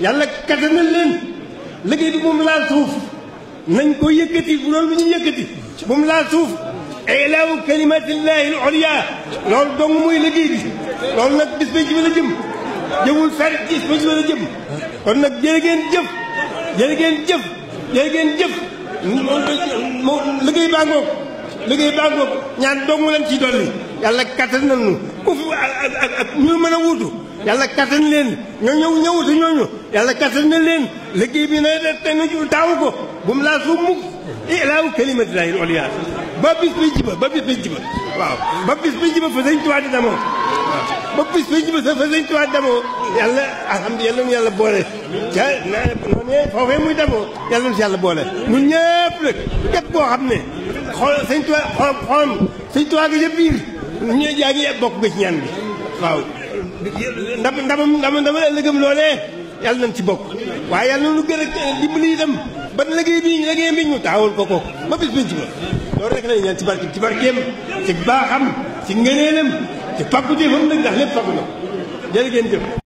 yàlla kattanal leen liggéey bi moom laal suuf nañ ko yëkkati bu loolu ñu yëkkati bu mu laal suuf ilaawu kalimatillahi l oliya loolu dong mooy liggéey bi loolu nag bis bañ a jëm jëwul fer bis bañ ci mën a jëm kon nag jërë ngeen jëf jërë ngeen jëf jërë ngeen jëf liggéey baa ngoog liggéey baa ngoog ñaan dong lañ ciy dolli yàlla kattanal nu ak ñu mën a wuutu yàlla kattan leen ñoo ñëw ñëwutu ñooñu yàlla kattan na leen liggéey bi nay def te nu taawu ko bu mu laa suuf mukk ilaahu kalimatillahi oliya ba bis bi jiba ba bis bi jiba waaw ba bis bi jiba fa sëñ tuwaa di damoo ba bis bi jiba sa fa sëñ waa di damoo yàlla alhamdulilah yàlla yàlla boole ca noonee foofee muy damoo yàlla nu si yàlla boole ñun ñëpp nag képp koo xam ne xool sëñ tuwaa xool xool sëñ gi ca biir ñu yaa ngi bokk nga ci ñaan bi waaw ndam ndamam ndamam ndamam ëllëgam loolee yàlla nañ ci bok waaye yàlla na lu gën a ba itam ban liggéey bii liggéey bi ñu taawul ko ko ba bis biñ ci ba loolu rek lañu ñaan ci barke ci barkeem ci baaxam ci ngëneelam ci faggu jëfam nag ndax lépp faggu na